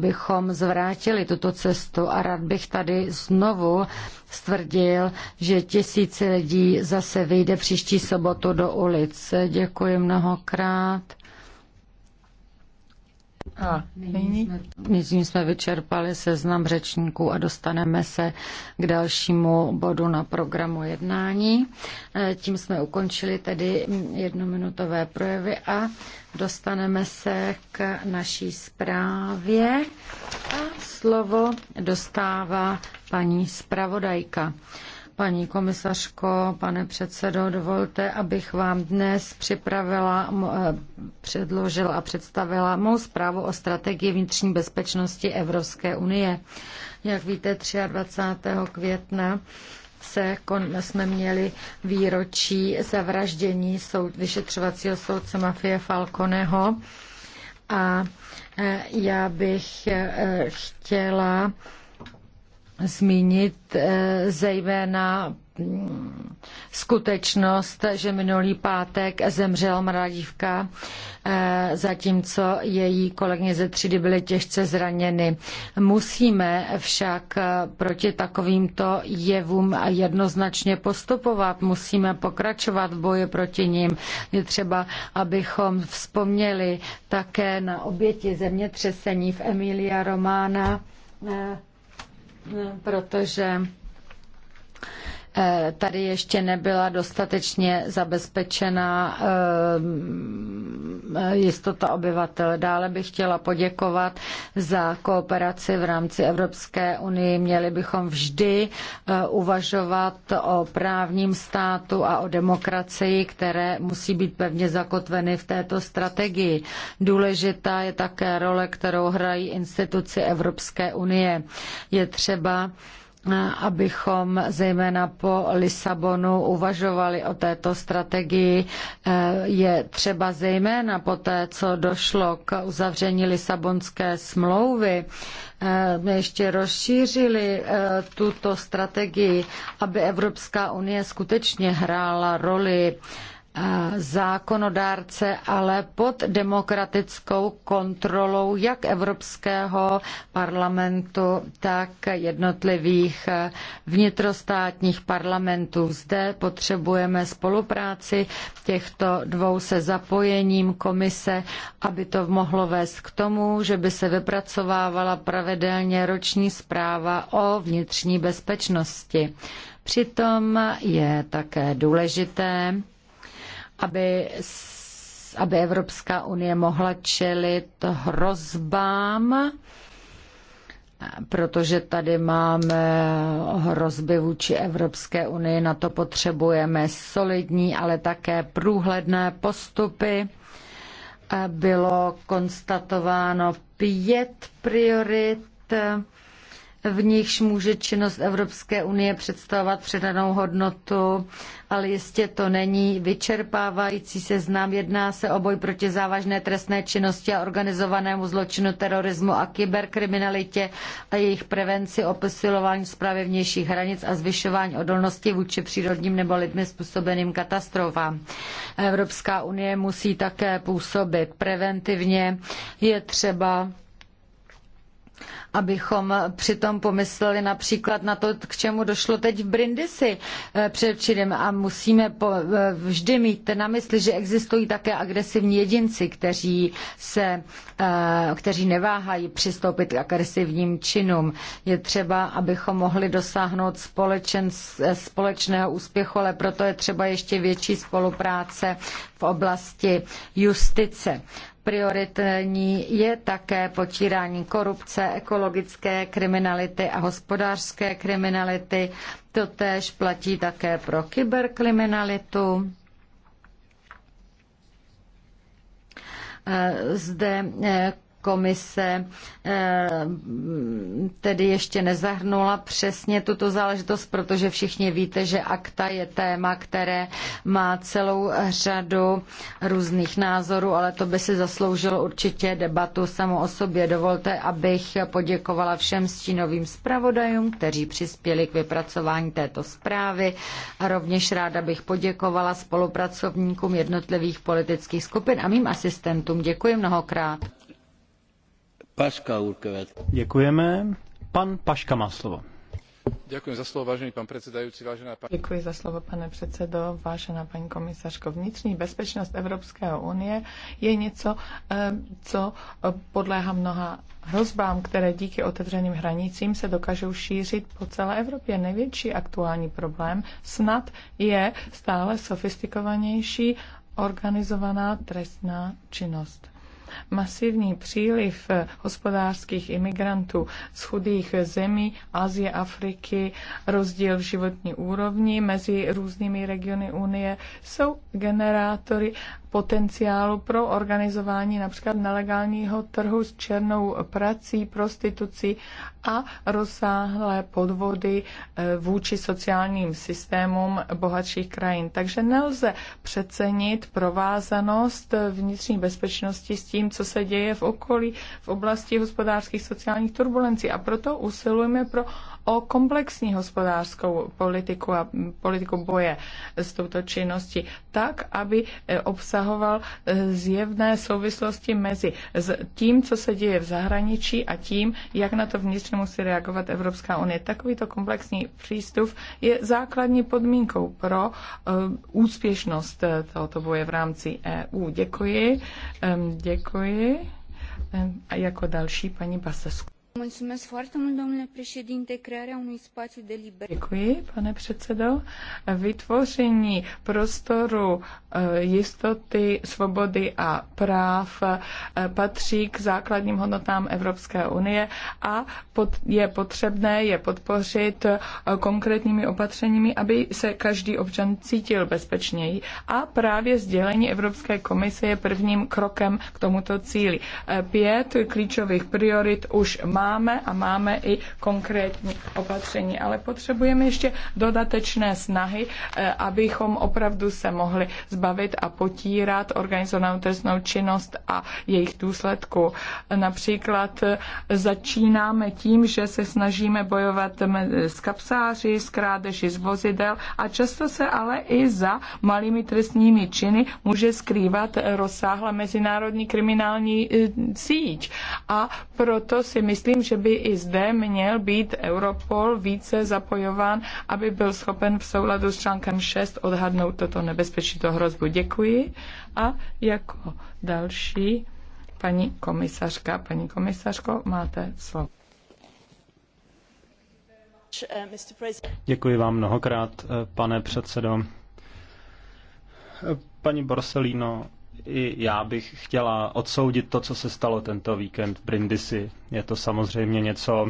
bychom zvrátili tuto cestu a rád bych tady znovu stvrdil, že tisíce lidí zase vyjde příští sobotu do ulic. Děkuji mnohokrát. A nyní jsme... jsme vyčerpali seznam řečníků a dostaneme se k dalšímu bodu na programu jednání. E, tím jsme ukončili tedy jednominutové projevy a dostaneme se k naší zprávě. A slovo dostává paní zpravodajka. Paní komisařko, pane předsedo, dovolte, abych vám dnes připravila, eh, předložila a představila mou zprávu o strategii vnitřní bezpečnosti Evropské unie. Jak víte, 23. května se kon, jsme měli výročí zavraždění soud, vyšetřovacího soudce mafie Falconeho a eh, já bych eh, chtěla zmínit eh, zejména mm, skutečnost, že minulý pátek zemřel mradívka, eh, zatímco její kolegyně ze třídy byly těžce zraněny. Musíme však eh, proti takovýmto jevům jednoznačně postupovat, musíme pokračovat v boji proti ním. Je třeba, abychom vzpomněli také na oběti zemětřesení v Emilia Romána protože eh, tady ještě nebyla dostatečně zabezpečena eh, jistota obyvatel. Dále bych chtěla poděkovat za kooperaci v rámci Evropské unie. Měli bychom vždy eh, uvažovat o právním státu a o demokracii, které musí být pevně zakotveny v této strategii. Důležitá je také role, kterou hrají instituci Evropské unie. Je třeba abychom zejména po Lisabonu uvažovali o této strategii. Eh, je třeba zejména po té, co došlo k uzavření Lisabonské smlouvy, eh, ještě rozšířili eh, tuto strategii, aby Evropská unie skutečně hrála roli zákonodárce, ale pod demokratickou kontrolou jak Evropského parlamentu, tak jednotlivých vnitrostátních parlamentů. Zde potřebujeme spolupráci těchto dvou se zapojením komise, aby to mohlo vést k tomu, že by se vypracovávala pravidelně roční zpráva o vnitřní bezpečnosti. Přitom je také důležité, aby, aby Evropská unie mohla čelit hrozbám, protože tady máme hrozby vůči Evropské unii, na to potřebujeme solidní, ale také průhledné postupy. Bylo konstatováno pět priorit v nichž může činnost Evropské unie představovat předanou hodnotu, ale jistě to není vyčerpávající seznam. Jedná se o boj proti závažné trestné činnosti a organizovanému zločinu, terorismu a kyberkriminalitě a jejich prevenci, opesilování zprávy vnějších hranic a zvyšování odolnosti vůči přírodním nebo lidmi způsobeným katastrofám. Evropská unie musí také působit preventivně. Je třeba abychom přitom pomysleli například na to, k čemu došlo teď v Brindisi eh, předčírem a musíme eh, vždy mít na mysli, že existují také agresivní jedinci, kteří, se, eh, kteří neváhají přistoupit k agresivním činům. Je třeba, abychom mohli dosáhnout společen, společného úspěchu, ale proto je třeba ještě větší spolupráce v oblasti justice. Prioritní je také potírání korupce, ekologické kriminality a hospodářské kriminality. To též platí také pro kyberkriminalitu. Zde eh, komise eh, tedy ještě nezahrnula přesně tuto záležitost, protože všichni víte, že akta je téma, které má celou řadu různých názorů, ale to by si zasloužilo určitě debatu samo o sobě. Dovolte, abych poděkovala všem stínovým zpravodajům, kteří přispěli k vypracování této zprávy a rovněž ráda bych poděkovala spolupracovníkům jednotlivých politických skupin a mým asistentům. Děkuji mnohokrát. Děkujeme. Pan Paška má slovo. Děkuji za slovo, vážený pan předsedající, vážená paní. Děkuji za slovo, pane předsedo, vážená paní komisařko. Vnitřní bezpečnost Evropské unie je něco, eh, co podléhá mnoha hrozbám, které díky otevřeným hranicím se dokážou šířit po celé Evropě. Největší aktuální problém snad je stále sofistikovanější organizovaná trestná činnost masivní příliv eh, hospodářských imigrantů z chudých zemí Asie, Afriky, rozdíl v životní úrovni mezi různými regiony Unie jsou generátory potenciálu pro organizování například nelegálního trhu s černou prací, prostitucí a rozsáhlé podvody eh, vůči sociálním systémům bohatších krajin. Takže nelze přecenit provázanost vnitřní bezpečnosti s tím, co se děje v okolí, v oblasti hospodářských sociálních turbulencí. A proto usilujeme pro o komplexní hospodářskou politiku a politiku boje s touto činností, tak, aby e, obsahoval e, zjevné souvislosti mezi tím, co se děje v zahraničí a tím, jak na to vnitřně musí reagovat Evropská unie. Takovýto komplexní přístup je základní podmínkou pro e, úspěšnost tohoto boje v rámci EU. Děkuji. Děkuji. A jako další paní Basesku. Děkuji, pane předsedo. Vytvoření prostoru eh, jistoty, svobody a práv eh, patří k základním hodnotám Evropské unie a je potřebné je podpořit eh, konkrétními opatřeními, aby se každý občan cítil bezpečněji. A právě sdělení Evropské komise je prvním krokem k tomuto cíli. Pět klíčových priorit už má máme a máme i konkrétní opatření, ale potřebujeme ještě dodatečné snahy, eh, abychom opravdu se mohli zbavit a potírat organizovanou trestnou činnost a jejich důsledku. Například eh, začínáme tím, že se snažíme bojovat s kapsáři, s krádeži z vozidel a často se ale i za malými trestními činy může skrývat rozsáhla mezinárodní kriminální eh, síť. A proto si myslím, myslím, že by i zde měl být Europol více zapojován, aby byl schopen v souladu s článkem 6 odhadnout toto nebezpečí, to hrozbu. Děkuji. A jako další paní komisařka, paní komisařko, máte slovo. Děkuji vám mnohokrát, eh, pane předsedo. Eh, paní Borsellino, i já bych chtěla odsoudit to, co se stalo tento víkend v Brindisi. Je to samozřejmě něco,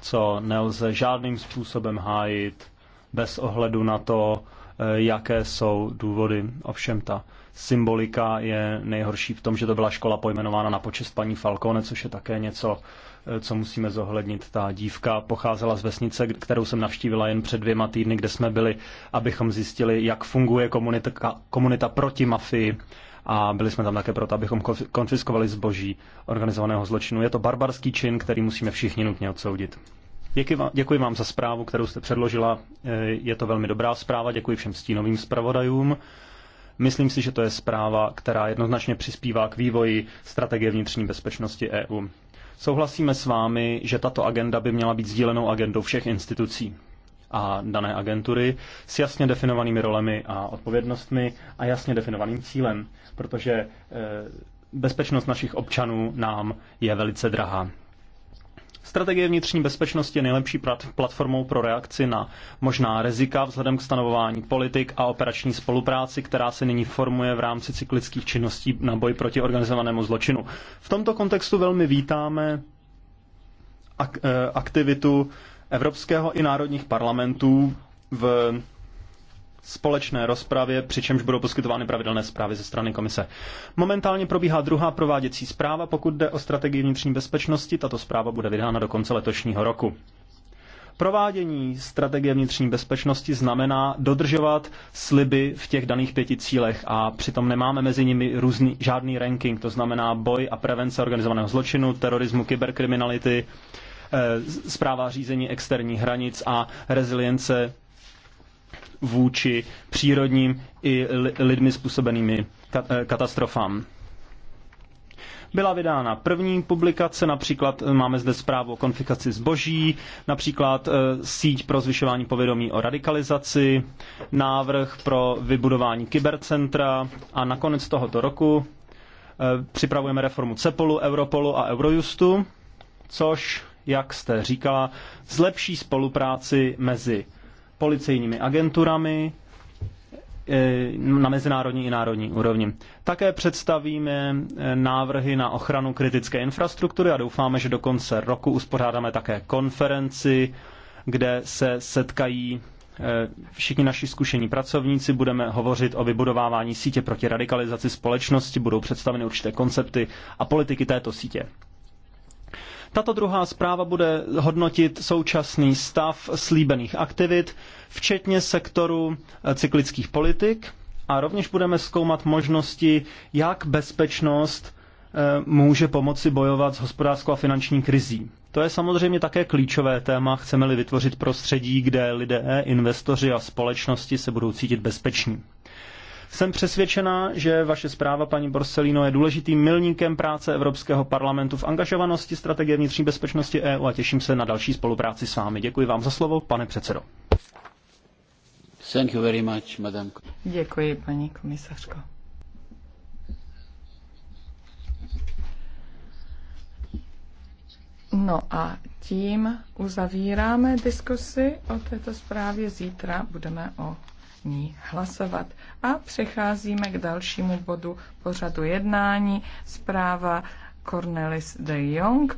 co nelze žádným způsobem hájit, bez ohledu na to, eh, jaké jsou důvody. Ovšem ta symbolika je nejhorší v tom, že to byla škola pojmenována na počest paní Falcone, což je také něco, eh, co musíme zohlednit. Ta dívka pocházela z vesnice, kterou jsem navštívila jen před dvěma týdny, kde jsme byli, abychom zjistili, jak funguje komunita, komunita proti mafii a byli jsme tam také proto, abychom konfiskovali zboží organizovaného zločinu. Je to barbarský čin, který musíme všichni nutně odsoudit. Děkuji vám, děkuji vám za zprávu, kterou jste předložila. Eh, je to velmi dobrá zpráva, děkuji všem stínovým zpravodajům. Myslím si, že to je zpráva, která jednoznačně přispívá k vývoji strategie vnitřní bezpečnosti EU. Souhlasíme s vámi, že tato agenda by měla být sdílenou agendou všech institucí a dané agentury s jasně definovanými rolemi a odpovědnostmi a jasně definovaným cílem, protože eh, bezpečnost našich občanů nám je velice drahá. Strategie vnitřní bezpečnosti je nejlepší platformou pro reakci na možná rizika vzhledem k stanovování politik a operační spolupráci, která se nyní formuje v rámci cyklických činností na boj proti organizovanému zločinu. V tomto kontextu velmi vítáme eh, aktivitu Evropského i národních parlamentů v společné rozpravě, přičemž budou poskytovány pravidelné zprávy ze strany komise. Momentálně probíhá druhá prováděcí zpráva, pokud jde o strategii vnitřní bezpečnosti. Tato zpráva bude vydána do konce letošního roku. Provádění strategie vnitřní bezpečnosti znamená dodržovat sliby v těch daných pěti cílech a přitom nemáme mezi nimi různý, žádný ranking, to znamená boj a prevence organizovaného zločinu, terorismu, kyberkriminality, Eh, zpráva řízení externích hranic a rezilience vůči přírodním i lidmi způsobenými eh, katastrofám. Byla vydána první publikace, například eh, máme zde zprávu o konfikaci zboží, například síť pro zvyšování povědomí o radikalizaci, návrh pro vybudování kybercentra a nakonec tohoto roku připravujeme reformu CEPOLu, Europolu a Eurojustu, což jak jste říkala, zlepší spolupráci mezi policejními agenturami eh, na mezinárodní i národní úrovni. Také představíme eh, návrhy na ochranu kritické infrastruktury a doufáme, že do konce roku uspořádáme také konferenci, kde se setkají eh, všichni naši zkušení pracovníci, budeme hovořit o vybudovávání sítě proti radikalizaci společnosti, budou představeny určité koncepty a politiky této sítě. Tato druhá zpráva bude hodnotit současný stav slíbených aktivit, včetně sektoru eh, cyklických politik a rovněž budeme zkoumat možnosti, jak bezpečnost eh, může pomoci bojovat s hospodářskou a finanční krizí. To je samozřejmě také klíčové téma, chceme-li vytvořit prostředí, kde lidé, investoři a společnosti se budou cítit bezpeční. Jsem přesvědčena, že vaše zpráva, paní Borsellino, je důležitým milníkem práce Evropského parlamentu v angažovanosti strategie vnitřní bezpečnosti EU a těším se na další spolupráci s vámi. Děkuji vám za slovo, pane předsedo. Thank you very much, madam. Děkuji, paní komisařko. No a tím uzavíráme diskusi o této zprávě. Zítra budeme o ní hlasovat. A přecházíme k dalšímu bodu pořadu jednání. Zpráva Cornelis de Jong.